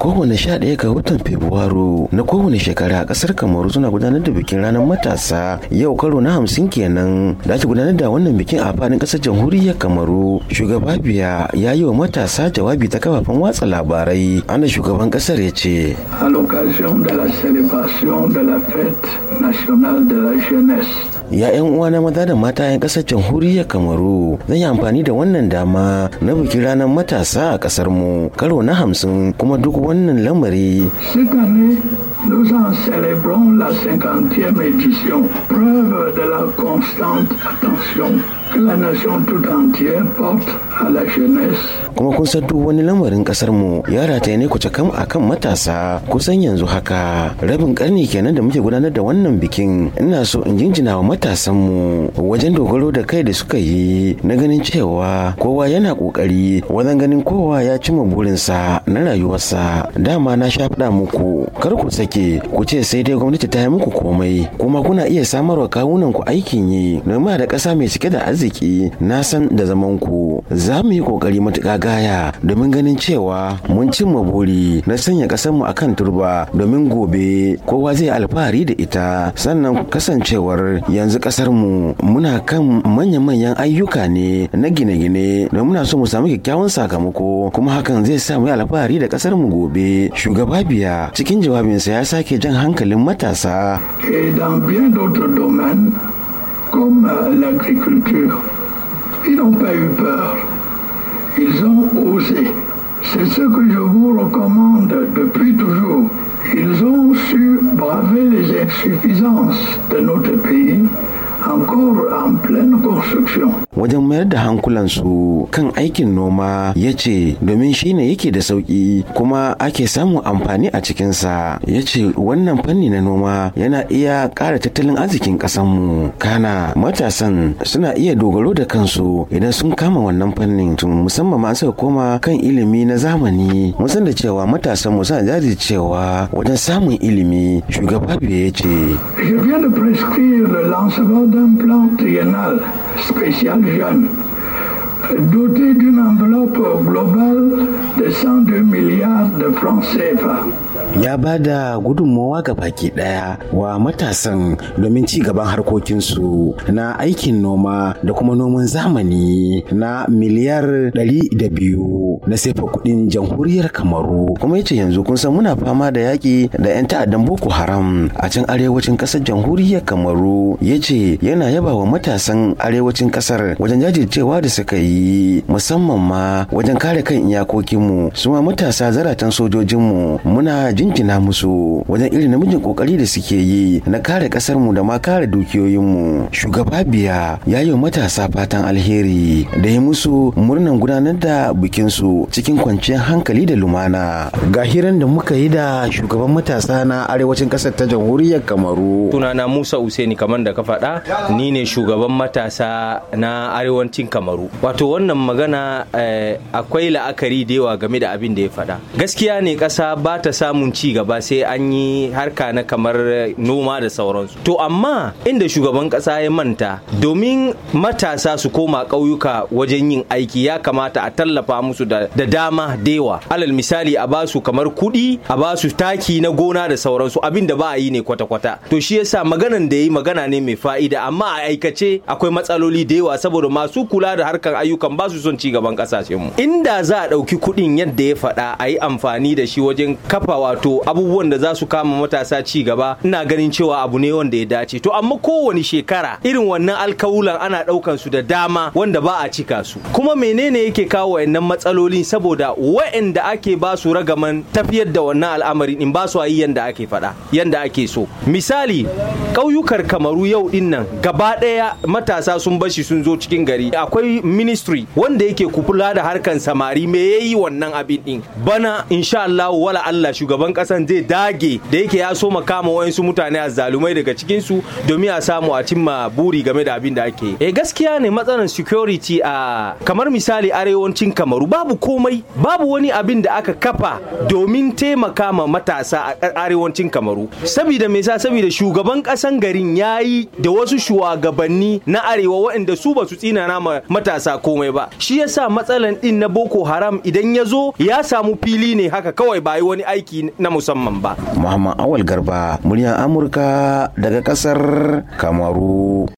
kowane sha ɗaya ga watan Fabrairu na kowane shekara a ƙasar Kamaru suna gudanar da bikin ranar matasa yau karo na hamsin kenan da ake gudanar da wannan bikin a faɗin ƙasar jamhuriyar Kamaru. Shugaba biya ya yi wa matasa jawabi ta kafafen watsa labarai ana shugaban ƙasar ya ce. A l'occasion de la célébration de la fête nationale de la jeunesse ya yan uwa na maza da mata yan kasar jamhuriyar kamaru zan yi amfani da wannan dama na bikin ranar matasa a kasar mu karo na hamsin kuma duk wannan lamari Nous en célébrons la cinquantième édition, preuve de la constante attention la nation tout entière porte à la jeunesse. Kuma kun san duk wani lamarin kasar mu ya rataye ne kuce kam akan matasa kusan yanzu haka rabin karni kenan da muke gudanar da wannan bikin ina so in jinjina wa matasan mu wajen dogaro da kai da suka yi na ganin cewa kowa yana kokari wajen ganin kowa ya cimma burinsa na rayuwarsa dama na sha faɗa muku kar ku sake ku ce sai dai gwamnati ta yi muku komai kuma kuna iya samarwa kawunan ku aikin yi noma da ƙasa mai cike da arziki aiki na san da zaman ku za mu yi kokari matuƙa gaya domin ganin cewa mun cimma buri na sanya ƙasar mu akan turba domin gobe kowa zai alfahari da ita sannan kasancewar yanzu ƙasar mu muna kan manya-manyan ayyuka ne na gine-gine don muna so mu samu kyakkyawan sakamako kuma hakan zai sa mu yi alfahari da ƙasar mu gobe shugaba biya cikin jawabinsa ya sake jan hankalin matasa. Et l'agriculture. Ils n'ont pas eu peur. Ils ont osé. C'est ce que je vous recommande depuis toujours. Ils ont su braver les insuffisances de notre pays Wajen mayar da hankulansu kan aikin noma ya ce domin shi ne yake da sauƙi kuma ake samun amfani a cikinsa ya ce wannan fanni na noma yana iya ƙara tattalin arzikin ƙasanmu kana matasan suna iya dogaro da kansu idan sun kama wannan fannin tun musamman ma suka koma kan ilimi na zamani mun da cewa matasan mu suna cewa wajen samun ilimi shugaba ya ce. d'un plan triennal spécial jeune, doté d'une enveloppe globale de 102 milliards de francs CFA. ya ba da gudunmowa ga baki daya wa matasan domin ci gaban harkokinsu na aikin noma da kuma noman zamani na miliyar da biyu na sefa kudin jamhuriyar kamaru kuma yace yanzu kun san muna fama da yaƙi da 'yan ta'addan boko haram a can arewacin ƙasar jamhuriyar kamaru ya ce yana yaba wa matasan arewacin ƙasar wajen jajircewa da suka yi musamman ma wajen kare kan iyakokinmu su ma matasa zaratan sojojinmu muna jinjina musu wajen irin namijin kokari da suke yi na kare kasar mu da ma kare dukiyoyin mu shugaba biya ya yi matasa fatan alheri da ya musu murnan gudanar da bikin su cikin kwanciyar hankali da lumana ga hiran da muka yi da shugaban matasa na arewacin kasar ta jamhuriyar kamaru sunana musa useni kamar da ka faɗa ni ne shugaban matasa na arewacin kamaru wato wannan magana eh, akwai la'akari da yawa game da abin da ya faɗa gaskiya ne ƙasa ba ta samun samun ci gaba sai an yi harka na kamar noma da sauransu to amma inda shugaban kasa ya manta domin matasa su koma ƙauyuka wajen yin aiki ya kamata a tallafa musu da, da dama dewa alal misali a basu kamar kuɗi a basu taki na gona da sauransu abin da ba a yi ne kwata-kwata to shi yasa maganan da ya yi magana ne mai fa'ida amma a aikace akwai matsaloli da yawa saboda masu kula da harkar ayyukan ba su son ci gaban kasashen mu inda za a ɗauki kuɗin yadda ya faɗa a yi amfani da shi wajen kafa wato abubuwan da za su kama matasa ci gaba ina ganin cewa abu ne wanda ya dace to amma kowane shekara irin wannan alkawulan ana daukan su da dama wanda ba a cika su kuma menene yake kawo wayannan matsaloli saboda wayanda ake ba su ragaman tafiyar da wannan al'amari in ba su yi yanda ake faɗa yanda ake so misali ƙauyukar kamaru yau din nan gaba ɗaya matasa sun bashi sun zo cikin gari akwai ministry wanda yake kula da harkan samari me yayi wannan abin din bana insha Allah wala Allah shugaban shugaban kasan zai dage da yake ya so makama wayansu mutane a zalumai daga cikin su domin a samu a cimma buri game da abin da ake eh gaskiya ne matsalar security a kamar misali arewacin kamaru babu komai babu wani abin da aka kafa domin taimaka ma matasa a arewacin kamaru saboda me yasa saboda shugaban kasan garin yayi da wasu shugabanni na arewa waɗanda su ba su tsina na matasa komai ba shi yasa matsalan din na boko haram idan ya zo ya samu fili ne haka kawai ba wani aiki na musamman ba. Muhammad Awal Garba, muryar Amurka daga kasar Kamaru.